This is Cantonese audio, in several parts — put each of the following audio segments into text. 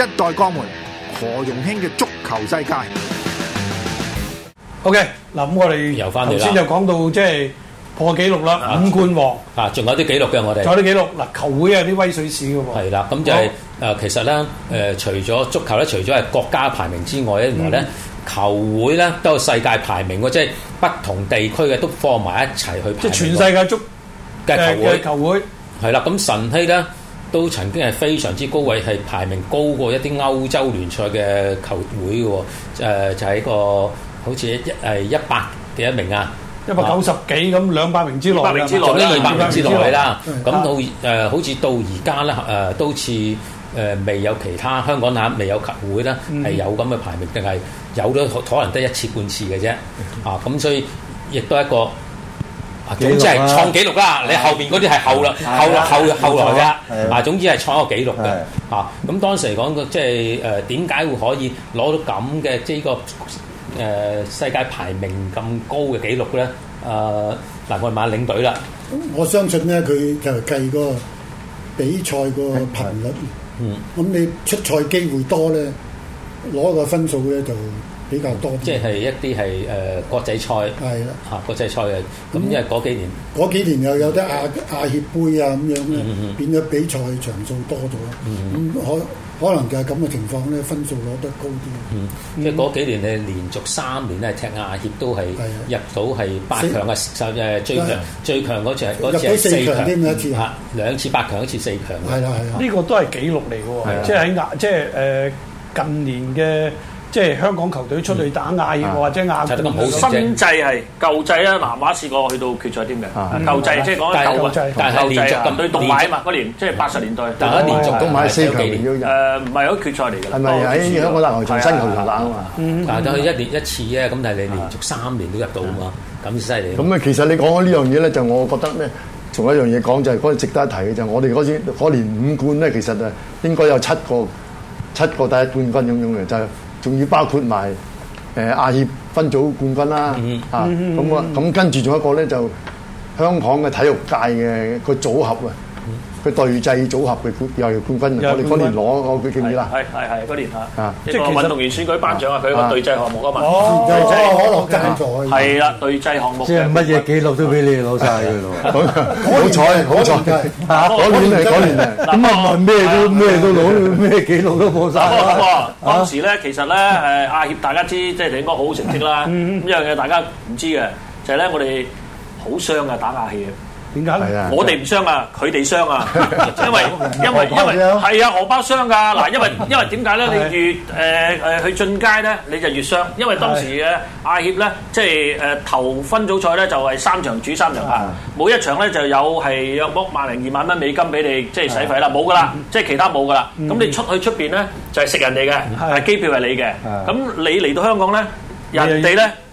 一代鋼門何容興嘅足球世界。O K，嗱咁我哋由翻嚟啦。先就講到即係破紀錄啦，五冠王啊，仲有啲紀錄嘅我哋。還有啲紀錄，嗱、啊、球會啊啲威水史嘅喎。係啦，咁就係、是、誒、哦呃，其實咧誒、呃，除咗足球咧，除咗係國家排名之外咧，原來咧、嗯、球會咧都有世界排名，即係不同地區嘅都放埋一齊去排名。即係全世界足嘅球會。呃、球會係啦，咁晨曦咧。都曾經係非常之高位，係排名高過一啲歐洲聯賽嘅球會嘅喎，誒、呃、就喺、是、個好似一一百嘅一名啊，一百九十幾咁兩百名之內啦，仲有二百名之內啦，咁到、呃、好似到而家咧都似誒未有其他香港啊未有球會啦，係有咁嘅排名，定係、嗯、有咗可能得一次半次嘅啫啊，咁、嗯嗯、所以亦都係一個。總之係創紀錄啦！啊、你後邊嗰啲係後啦，後後後來噶。啊，總之係創一個紀錄嘅。咁、啊啊、當時嚟講，即係誒，點、呃、解會可以攞到咁嘅即個誒、呃、世界排名咁高嘅紀錄咧？誒，嗱，我哋問下領隊啦。我相信咧，佢就計個比賽個頻率的。嗯。咁你出賽機會多咧，攞個分數咧就。比較多，即係一啲係誒國際賽，係啦，嚇國際賽嘅。咁因為嗰幾年，嗰幾年又有啲亞亞協杯啊咁樣，變咗比賽場數多咗，可可能就係咁嘅情況咧，分數攞得高啲，因為嗰幾年你連續三年咧踢亞協都係入到係八強嘅時候，誒最強最強嗰場，嗰次四強，兩次八強一次四強。係啦係啦，呢個都係紀錄嚟喎，即係喺即係誒近年嘅。即係香港球隊出嚟打亞，或者亞新制係舊制啦。南華試過去到決賽啲咩？舊制即係講舊制，但係連續近隊奪買嘛嗰年，即係八十年代。大家連續奪買四球。要入唔係有決賽嚟㗎。係咪喺香港大球場新球場打啊嘛？但係佢一年一次啫，咁但係你連續三年都入到啊嘛，咁犀利。咁啊，其實你講緊呢樣嘢咧，就我覺得咧，仲有一樣嘢講就係嗰個值得一提嘅就係我哋嗰次嗰年五冠咧，其實啊應該有七個七個第一冠軍咁樣嘅就。仲要包括埋誒、呃、亞協分組冠軍啦，mm hmm. 啊，咁啊，咁跟住仲有一個咧就香港嘅體育界嘅個組合啊。佢隊際組合嘅冠，又係冠軍啊！嗰年攞，我佢記唔記得啦？係係係嗰年啊！即係運動員選舉頒獎啊！佢個隊際項目啊嘛！哦，可樂獎彩，係啦，隊際項目。即係乜嘢記錄都俾你攞曬嘅咯！好彩，好彩，嚇！嗰年嚟，嗰年嚟，咁啊，咪咩都咩都攞，咩記錄都破曬。當時咧，其實咧，誒亞協大家知，即係田家好好成績啦。咁一樣嘢大家唔知嘅，就係咧，我哋好傷嘅打亞協。點解嚟啊？我哋唔傷啊，佢哋傷啊，因為因為因為係啊，荷包傷噶嗱，因為因為點解咧？你越誒誒去進階咧，你就越傷，因為當時嘅亞協咧，即係誒投分組賽咧，就係三場主三場啊，每一場咧就有係約莫萬零二萬蚊美金俾你，即係使費啦，冇噶啦，即係其他冇噶啦，咁你出去出邊咧就係食人哋嘅，係機票係你嘅，咁你嚟到香港咧，人哋咧。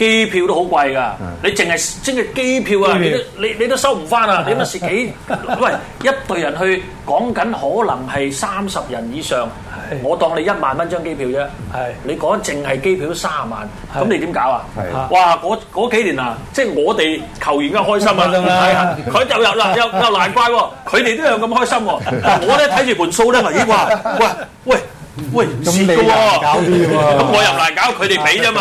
機票都好貴㗎，你淨係即係機票啊，你都你你都收唔翻啊！你乜事幾？喂，一隊人去講緊可能係三十人以上，我當你一萬蚊張機票啫。你講淨係機票卅萬，咁你點搞啊？哇！嗰嗰幾年啊，即係我哋球員梗係開心啦，佢就入啦，又又難怪喎，佢哋都有咁開心喎，我咧睇住盤數咧，咪咦話喂喂？喂，咁、啊、你嚟搞啲喎，咁 我入嚟搞佢哋俾啫嘛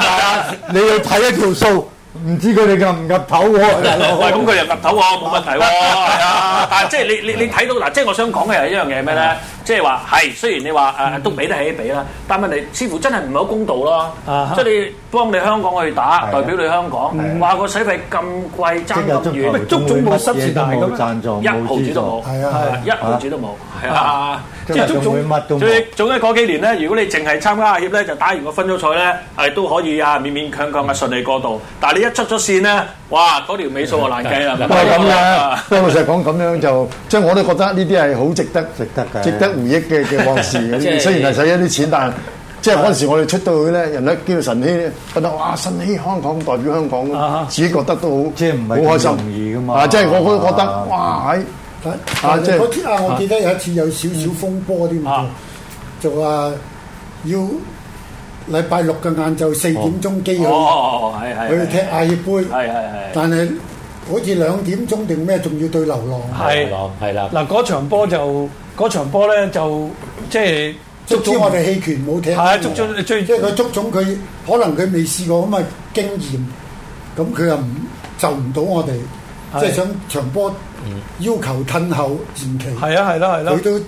係啊，啊，你要睇一條數，唔知佢哋夾唔夾頭喎，喂，咁佢又夾頭喎，冇問題喎，係啊，但係即係你你你睇到嗱，即係我想講嘅係一樣嘢係咩咧？啊。即係話係，雖然你話誒都俾得起俾啦，但係你似乎真係唔係好公道咯。即係你幫你香港去打，代表你香港，話個水費咁貴，爭咁遠。足總冇濕字贊咁，一毫子都冇，係啊，一毫子都冇，係啊。即係足總乜都冇。總之嗰幾年咧，如果你淨係參加亞協咧，就打完個分組賽咧，係都可以啊，勉勉強強嘅順利過渡。但係你一出咗線咧，哇，嗰條尾數就難計啦。係咁嘅，老實講咁樣就，即係我都覺得呢啲係好值得，值得嘅，值得。唔益嘅嘅往事，雖然係使一啲錢，但即係嗰陣時我哋出到去咧，人都叫神興，覺得哇，神興香港代表香港，自己覺得都好，即係唔係好開心，唔幾容易噶嘛？啊，即係我都覺得哇！睇，但係嗰天啊，我記得有一次有少少風波啲嘛，就話要禮拜六嘅晏晝四點鐘機去，去踢亞協杯，但係好似兩點鐘定咩仲要對流浪？係流浪，係啦，嗱嗰場波就。嗰場波咧就即係捉住我哋棄權冇踢到，係啊，捉即係佢捉中佢，嗯、佢可能佢未試過咁嘅經驗，咁佢又唔就唔到我哋，係啊、即係想場波要求褪後延期，係啊係啦係啦，佢、啊啊啊、都。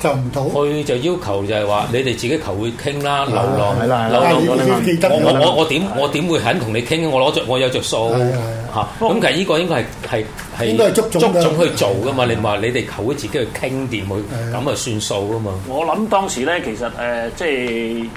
就唔到，佢就要求就係話你哋自己球會傾啦，流浪啦流浪，我我我點我點會肯同你傾？我攞着，我有著數係吓，咁其實呢個應該係係係應該係足總去做噶嘛？你話你哋球會自己去傾掂佢，咁啊算數㗎嘛？我諗當時咧，其實誒即係。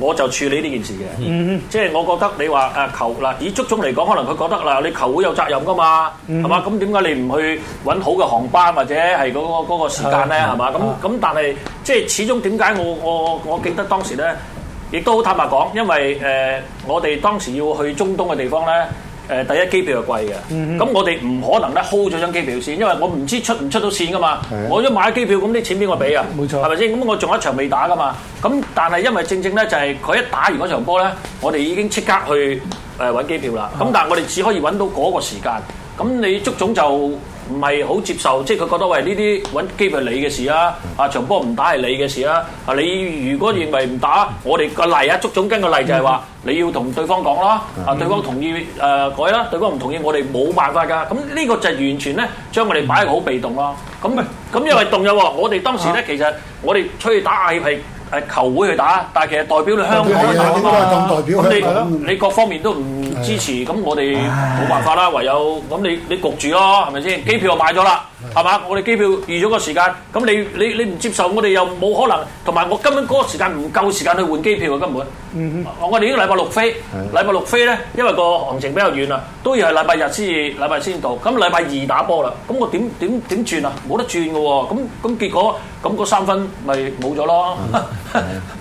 我就處理呢件事嘅，mm hmm. 即係我覺得你話誒球嗱以足總嚟講，可能佢覺得嗱、啊、你球會有責任㗎嘛，係嘛、mm？咁點解你唔去揾好嘅航班或者係嗰、嗰個嗰、嗰個時間咧？係嘛、mm？咁、hmm. 咁但係即係始終點解我我我記得當時咧，亦都好坦白講，因為誒、呃、我哋當時要去中東嘅地方咧。第一機票係貴嘅，咁、嗯、哼我哋唔可能咧 hold 咗張機票先，因為我唔知出唔出到線噶嘛。的我一買機票，咁啲錢邊個俾啊？冇錯，係咪先？咁我仲有一場未打噶嘛。咁但係因為正正咧就係佢一打完嗰場波咧，我哋已經即刻去搵揾機票啦。咁、哦、但係我哋只可以搵到嗰個時間。咁你足總就，唔係好接受，即係佢覺得喂，呢啲揾機會係你嘅事啦，啊，阿長波唔打係你嘅事啦，啊。你如果認為唔打，我哋個例啊，足總跟個例就係話，你要同對方講啦，啊對方同意誒改啦，對方唔同意，我哋冇辦法噶，咁呢個就係完全咧，將我哋擺一個好被動咯。咁咁因為動嘅喎。我哋當時咧，啊、其實我哋出去打亞協誒球會去打，但係其實代表你香港去打嘅嘛。咁代表，代表你，嗯、你各方面都唔。支持咁我哋冇辦法啦，唯有咁你你焗住咯，係咪先？機票又買咗啦，係嘛？我哋機票預咗個時間，咁你你你唔接受，我哋又冇可能。同埋我根本嗰個時間唔夠時間去換機票嘅根本。嗯哼，我哋已經禮拜六飛，禮拜六飛咧，因為個行程比較遠啊，都要係禮拜日先至，禮拜先到。咁禮拜二打波啦，咁我點點點轉啊？冇得轉嘅喎。咁咁結果咁個三分咪冇咗咯，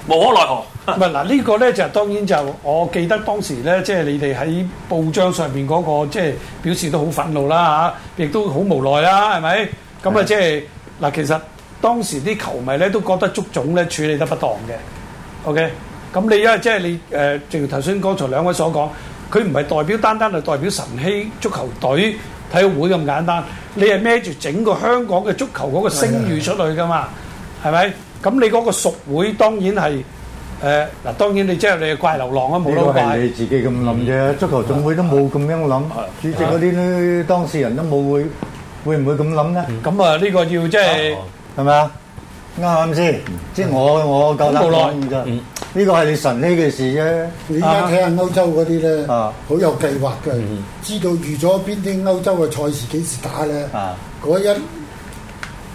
無可奈何。嗱，呢、啊，這個呢就當然就我記得當時呢，即係你哋喺報章上面嗰，那個即係表示都好憤怒啦嚇，亦都好無奈啦，係咪？咁的啊即係嗱，其實當時啲球迷呢都覺得足總呢處理得不當嘅。OK，咁你因為即係你誒，呃，正如頭先剛才兩位所講，佢唔係代表單單係代表晨曦足球隊體育會咁簡單，你係孭住整個香港嘅足球嗰個聲譽出嚟噶嘛？係咪的？咁你嗰個屬會當然係。誒，嗱，當然你即係你怪流浪啊，冇攞牌。呢個係你自己咁諗啫，足球總會都冇咁樣諗。主席嗰啲呢，當事人都冇會，會唔會咁諗咧？咁啊，呢個要即係係咪啊？啱啱先？即係我我夠膽講嘅啫。呢個係神呢嘅事啫。你而家睇下歐洲嗰啲咧，好有計劃嘅，知道預咗邊啲歐洲嘅賽事幾時打咧。嗰一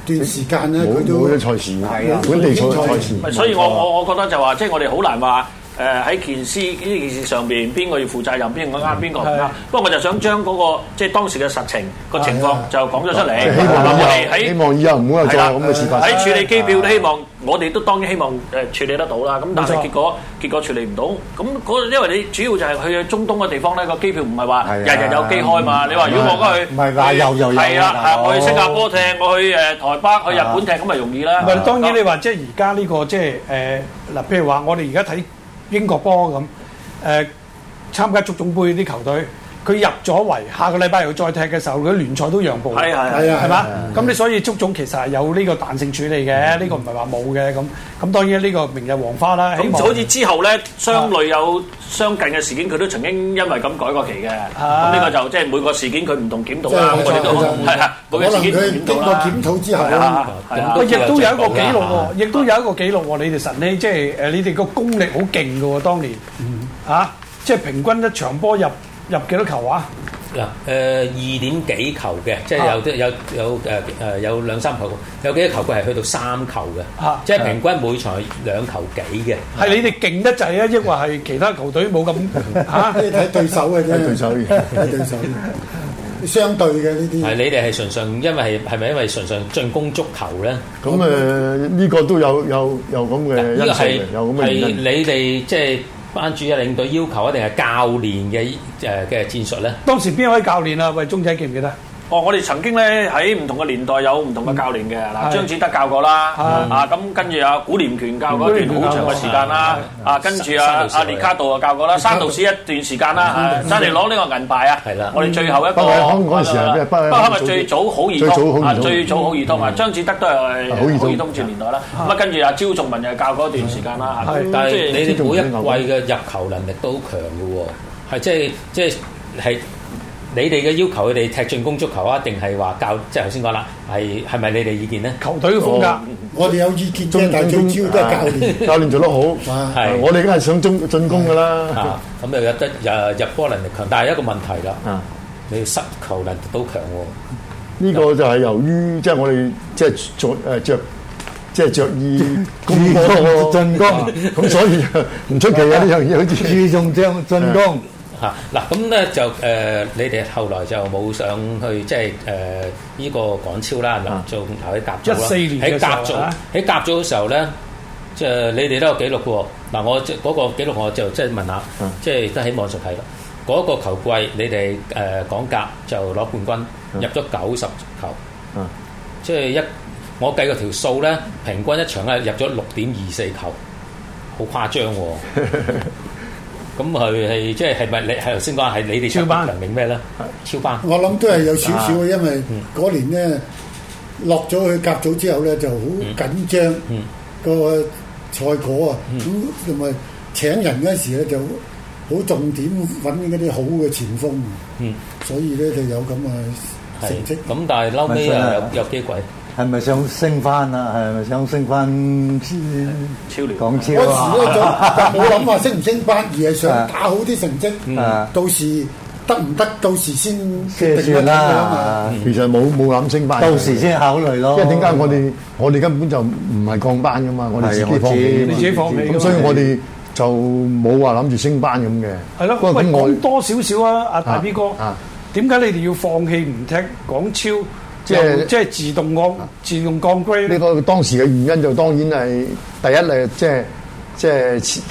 段時間咧，佢都賽前，啊、本地賽賽前，所以，所以我我我覺得就話，即係我哋好難話。誒喺件事呢件事上邊，邊個要負責任，邊個啱，邊個唔啱。不過我就想將嗰個即係當時嘅實情個情況就講咗出嚟。希望以後唔好又再咁嘅事發生。喺處理機票都希望，我哋都當然希望誒處理得到啦。咁但係結果結果處理唔到，咁嗰個因為你主要就係去中東嘅地方咧，個機票唔係話日日有機開嘛。你話如果我過去，唔係㗎，又又有。係啦，我去新加坡踢，我去誒台北，去日本踢，咁咪容易啦。唔係當然你話即係而家呢個即係誒嗱，譬如話我哋而家睇。英國波咁呃、參加足總杯啲球隊。佢入咗圍，下個禮拜又再踢嘅時候，佢聯賽都讓步，係啊係啊，係嘛？咁你所以足總其實係有呢個彈性處理嘅，呢個唔係話冇嘅咁。咁當然呢個明日黃花啦。咁就好似之後咧，相類有相近嘅事件，佢都曾經因為咁改過期嘅。咁呢個就即係每個事件佢唔同檢討啦。我哋都係啊，可能佢經過檢討之後嚇。佢亦都有一個紀錄喎，亦都有一個紀錄喎。你哋神呢，即係誒，你哋個功力好勁㗎喎，當年啊，即係平均一場波入。入幾多球啊？嗱、呃，二點幾球嘅，即係有啲、啊、有有、呃、有兩三球，有幾多球佢係去到三球嘅，啊、即係平均每場係兩球幾嘅。係你哋勁得滯啊？抑或係其他球隊冇咁嚇？你睇對手嘅啫，對手對手嘅。 相對嘅呢啲係你哋係純粹因為係係咪因為純粹進攻足球咧？咁呢、呃呢個都有有有咁嘅因素，個有咁嘅係你哋即係班主任領導要求一定係教練嘅、呃、嘅戰術咧，當時邊位教練啊？喂，鐘仔記唔記得？我哋曾經咧喺唔同嘅年代有唔同嘅教練嘅，嗱張志德教過啦，啊咁跟住阿古廉權教嗰段好長嘅時間啦，啊跟住啊，阿列卡道啊教過啦，三道師一段時間啦，啊，先嚟攞呢個銀牌啊，係啦，我哋最後一個。北康嗰陣係咩？最早好易當最早好易當啊，張志德都係好易義當年代啦，咁啊跟住阿焦仲文又係教嗰段時間啦，但係你哋每一位嘅入球能力都好強嘅喎，係即係即係係。你哋嘅要求，佢哋踢進攻足球啊？定係話教，即係頭先講啦，係係咪你哋意見咧？球隊風格，我哋有意見，最主要都係教練，教練做得好。係，我哋梗係想中進攻噶啦。咁又有得入入波能力強，但係一個問題啦。你要失球能力都強喎。呢個就係由於即係我哋即係著誒著，即係著意進攻。咁所以唔出奇啊，呢啲嘢好似注重將進攻。嗱咁咧就誒、呃，你哋後來就冇上去即係誒呢個港超啦，做球喺甲組一四年喺甲組喺甲組嘅時候咧，即係、啊、你哋都有記錄嘅、哦、喎。嗱、啊，我即嗰、那個記錄，我就即係問下，即係都喺網上睇嘅。嗰、那個球季你哋誒、呃、港甲就攞冠軍，入咗九十球，即係、啊、一我計個條數咧，平均一場咧入咗六點二四球，好誇張喎、哦。 咁佢，係即係係咪你係頭先講係你哋超班定咩咧？超班。我諗都係有少少，因為嗰年咧落咗去甲組之後咧就好緊張，嗯嗯、個賽果啊，咁同埋請人嗰時咧就好重點揾嗰啲好嘅前鋒。嗯，所以咧就有咁嘅成績。咁但係嬲尾，又有有幾鬼？係咪想升翻啊？係咪想升翻超？港超啊！我冇諗話升唔升班，而係想打好啲成績。到時得唔得？到時先決定啦。其實冇冇諗升班。到時先考慮咯。因為點解我哋我哋根本就唔係降班噶嘛？我哋自己放棄。你自己放棄。咁所以我哋就冇話諗住升班咁嘅。係咯。喂，講多少少啊，阿大 B 哥。啊。點解你哋要放棄唔踢港超？即係、就是、自、自動降自動降級呢個當時嘅原因就當然係第一嚟，即係即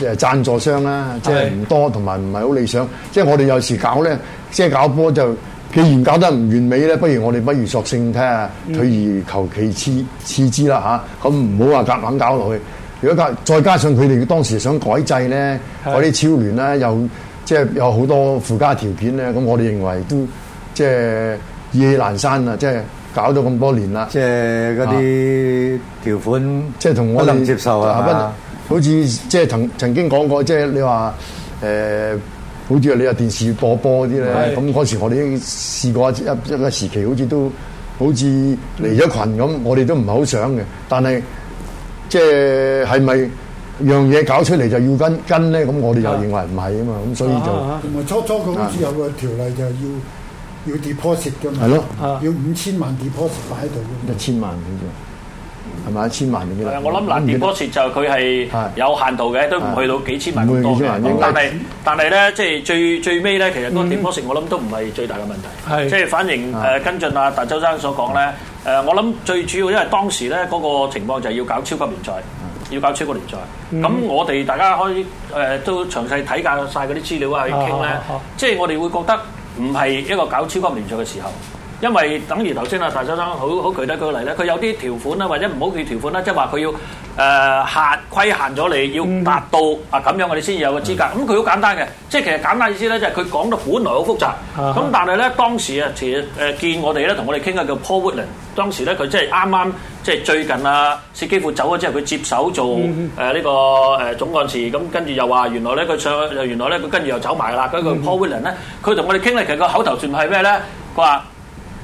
係誒贊助商啦，即係唔多同埋唔係好理想。即係是的 我哋有時搞咧，即、就、係、是、搞波就，既然搞得唔完美咧，不如我哋不如索性睇、嗯啊、下退而求其次次之啦吓，咁唔好話夾硬搞落去。如果加再加上佢哋當時想改制咧，嗰啲超聯咧又即係有好、就是、多附加條件咧，咁我哋認為都即係意興闌珊啊，即、就、係、是。搞咗咁多年啦，即係嗰啲條款，即係同我哋不能接受啊！就是、啊好似即係曾曾經講過，即、就、係、是、你話誒、欸，好似你話電視播波啲咧，咁嗰的時我哋已經試過一一個時期，好，都好似都好似離咗群咁，我哋都唔係好想嘅。但係即係係咪樣嘢搞出嚟就要跟跟咧？咁我哋又認為唔係啊嘛，咁所以就同埋、啊啊啊、初初佢好似有個條例就係要。啊要要 deposit 嘅嘛？係咯，要五千萬 deposit 擺喺度，一千萬咁樣，係咪一千萬咁樣？係啊，我諗嗱，deposit 就佢係有限度嘅，都唔去到幾千萬咁多。但係但係咧，即係最最尾咧，其實嗰個 deposit 我諗都唔係最大嘅問題。即係反應跟進啊，大周生所講咧，我諗最主要因為當時咧嗰個情況就係要搞超級聯賽，要搞超級聯賽。咁我哋大家可以都詳細睇曬嗰啲資料啊，去傾咧。即係我哋會覺得。唔係一個搞超級聯賽嘅時候，因為等於頭先阿陳先生好好具體舉例咧，佢有啲條款啊，或者唔好嘅條款啦，即係話佢要。誒限、呃、規限咗你，要達到、嗯、啊咁樣，我哋先有個資格。咁佢好簡單嘅，即係其實簡單嘅意思咧，就係佢講得本來好複雜。咁但係咧當時啊，其實見我哋咧，同我哋傾嘅叫 Paul Whelan。當時咧佢即係啱啱即係最近啊，司機副走咗之後，佢接手做誒呢、嗯嗯呃這個誒、呃、總幹事。咁跟住又話原來咧佢上，原來咧佢跟住又走埋啦。佢個 Paul Whelan 咧，佢同以、嗯、我哋傾咧其實個口頭禪係咩咧？佢話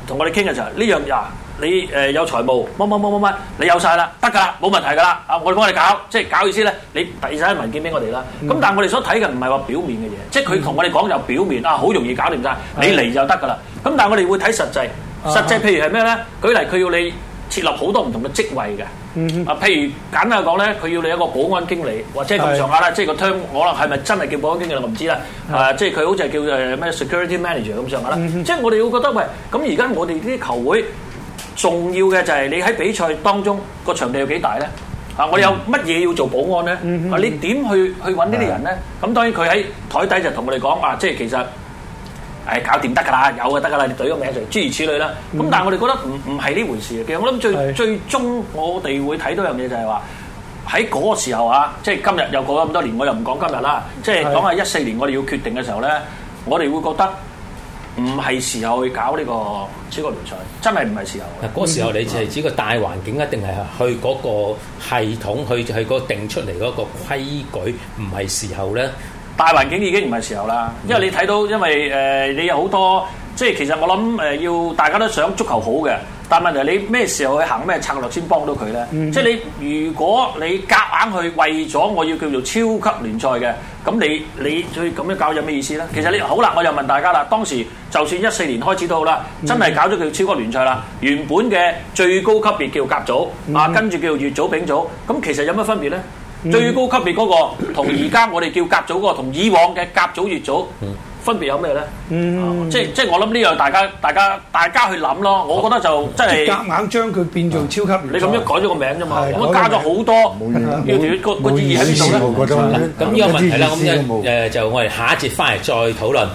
同我哋傾嘅時候呢樣嘢。啊你誒、呃、有財務乜乜乜乜乜，你有晒啦，得㗎啦，冇問題㗎啦啊！我哋幫你搞，即係搞意思咧，你遞晒啲文件俾我哋啦。咁、mm hmm. 但係我哋所睇嘅唔係話表面嘅嘢，即係佢同我哋講就表面、mm hmm. 啊，好容易搞掂晒，mm hmm. 你嚟就得㗎啦。咁但係我哋會睇實際，實際譬如係咩咧？舉例佢要你設立好多唔同嘅職位嘅，mm hmm. 啊，譬如簡單講咧，佢要你一個保安經理，或者咁上下啦，mm hmm. 即係個 term 可能係咪真係叫保安經理我唔知啦，mm hmm. 啊，即係佢好似係叫誒咩 security manager 咁上下啦，mm hmm. 即係我哋會覺得喂，咁而家我哋呢啲球會。重要嘅就係你喺比賽當中個場地有幾大咧？啊、嗯，我哋有乜嘢要做保安咧？啊，你點去去搵呢啲人咧？咁當然佢喺台底就同我哋講啊，即係其實誒、哎、搞掂得噶啦，有啊得噶啦，你隊嘅名就諸如此類啦。咁但係我哋覺得唔唔係呢回事啊。嗯、其實我諗最是的 最終我哋會睇到一樣嘢就係話喺嗰個時候啊，即係今日又過咗咁多年，我又唔講今日啦，即係講下一四年我哋要決定嘅時候咧，我哋會覺得。唔係時候去搞呢個超級聯賽，真係唔係時候。嗱，嗰時候你就係指個大環境一定係去嗰個系統，去去嗰定出嚟嗰個規矩，唔係時候咧。大環境已經唔係時候啦，因為你睇到，因為誒、呃、你有好多，即係其實我諗誒，要、呃、大家都想足球好嘅。但問題你咩時候去行咩策略先幫到佢呢？Mm hmm. 即係你如果你夾硬去為咗我要叫做超級聯賽嘅，咁你你去咁樣搞有咩意思呢？Mm hmm. 其實你好啦，我又問大家啦，當時就算一四年開始都好啦，mm hmm. 真係搞咗叫超級聯賽啦。原本嘅最高級別叫甲組、mm hmm. 啊，跟住叫乙組、丙組，咁其實有乜分別呢？Mm hmm. 最高級別嗰個同而家我哋叫甲組嗰個，同以往嘅甲組、乙組。Mm hmm. 嗯分別有咩咧？嗯，即係即我諗呢樣，大家大家大家去諗咯。我覺得就即係硬佢做超你咁樣改咗個名啫嘛，我加咗好多。個意呢？咁呢個問題呢，咁就就我哋下一節翻嚟再討論。